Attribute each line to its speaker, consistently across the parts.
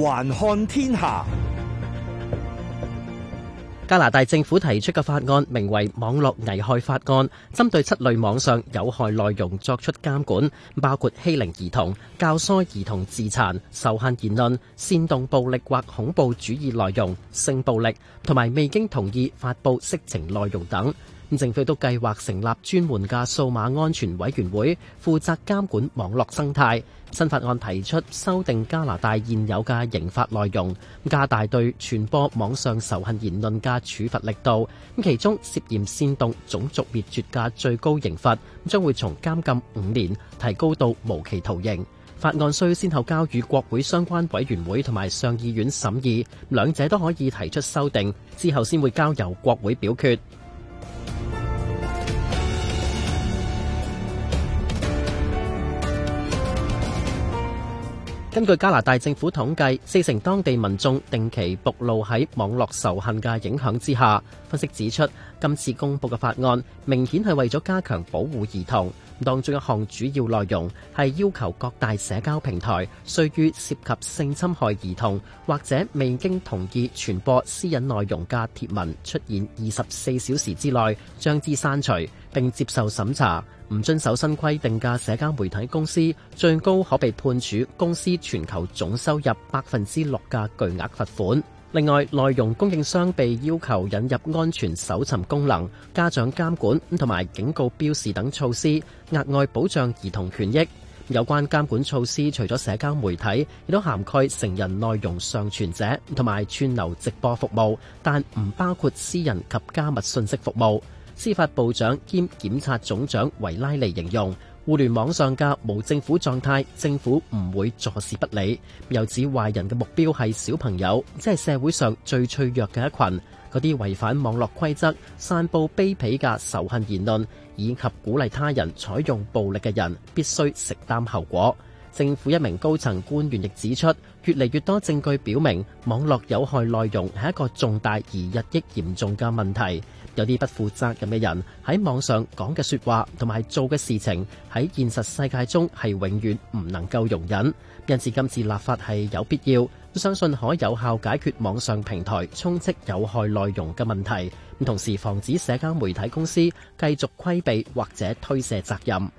Speaker 1: 環看天下，加拿大政府提出嘅法案名為《網絡危害法案》，針對七類網上有害內容作出監管，包括欺凌兒童、教唆兒童自殘、仇恨言論、煽動暴力或恐怖主義內容、性暴力同埋未經同意發布色情內容等。政府都計劃成立專門嘅數碼安全委員會，負責監管網絡生態。新法案提出修訂加拿大現有嘅刑法內容，加大對傳播網上仇恨言論嘅處罰力度。咁其中涉嫌煽動種族滅絕嘅最高刑罰，將會從監禁五年提高到無期徒刑。法案需先後交予國會相關委員會同埋上議院審議，兩者都可以提出修訂，之後先會交由國會表決。根據加拿大政府統計，四成當地民眾定期暴露喺網絡仇恨嘅影響之下。分析指出，今次公布嘅法案明顯係為咗加強保護兒童。當中一項主要內容係要求各大社交平台，須於涉及性侵害兒童或者未經同意傳播私隱內容嘅貼文出現二十四小時之內將之刪除，並接受審查。唔遵守新規定嘅社交媒體公司，最高可被判處公司全球總收入百分之六嘅巨額罰款。另外，內容供應商被要求引入安全搜尋功能、家長監管同埋警告標示等措施，額外保障兒童權益。有關監管措施，除咗社交媒體，亦都涵蓋成人內容上傳者同埋串流直播服務，但唔包括私人及加密信息服務。司法部長兼檢察總長維拉利形容，互聯網上嘅無政府狀態，政府唔會坐視不理。又指壞人嘅目標係小朋友，即係社會上最脆弱嘅一群。嗰啲違反網絡規則、散佈卑鄙嘅仇恨言論，以及鼓勵他人採用暴力嘅人，必須承擔後果。政府一名高層官員亦指出，越嚟越多證據表明，網絡有害內容係一個重大而日益嚴重嘅問題。有啲不負責任嘅人喺網上講嘅說話同埋做嘅事情，喺現實世界中係永遠唔能夠容忍。因此今次立法係有必要，相信可有效解決網上平台充斥有害內容嘅問題，同時防止社交媒體公司繼續規避或者推卸責任。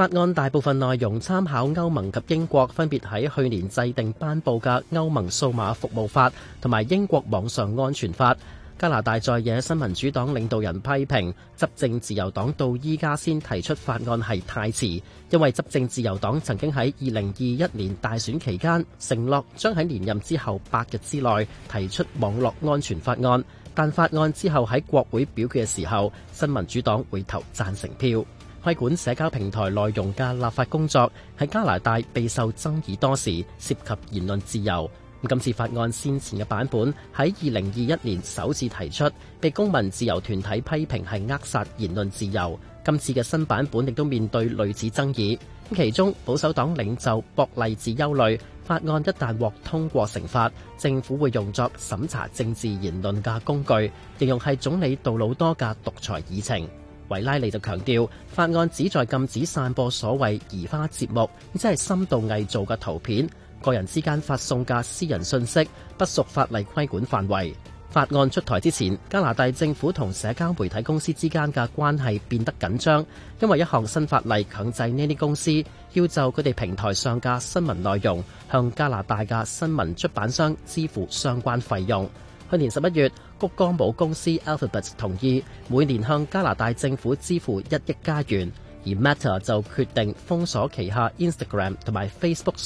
Speaker 1: 法案大部分內容參考歐盟及英國分別喺去年制定、頒布嘅歐盟數碼服務法同埋英國網上安全法。加拿大在野新民主黨領導人批評執政自由黨到依家先提出法案係太遲，因為執政自由黨曾經喺二零二一年大選期間承諾將喺連任之後八日之內提出網絡安全法案。但法案之後喺國會表決嘅時候，新民主黨會投贊成票。規管社交平台內容嘅立法工作喺加拿大備受爭議多時，涉及言論自由。今次法案先前嘅版本喺二零二一年首次提出，被公民自由團體批評係扼殺言論自由。今次嘅新版本亦都面對類似爭議。其中保守黨領袖博利治憂慮，法案一旦獲通過成法，政府會用作審查政治言論嘅工具，形容係總理杜魯多嘅獨裁議程。維拉利就強調，法案旨在禁止散播所謂移花接木，即係深度偽造嘅圖片，個人之間發送嘅私人信息不屬法例規管範圍。法案出台之前，加拿大政府同社交媒體公司之間嘅關係變得緊張，因為一項新法例強制呢啲公司要就佢哋平台上嘅新聞內容，向加拿大嘅新聞出版商支付相關費用。去年十一月，谷歌母公司 Alphabet 同意每年向加拿大政府支付一億加元，而 Meta 就決定封鎖旗下 Instagram 同埋 Facebook。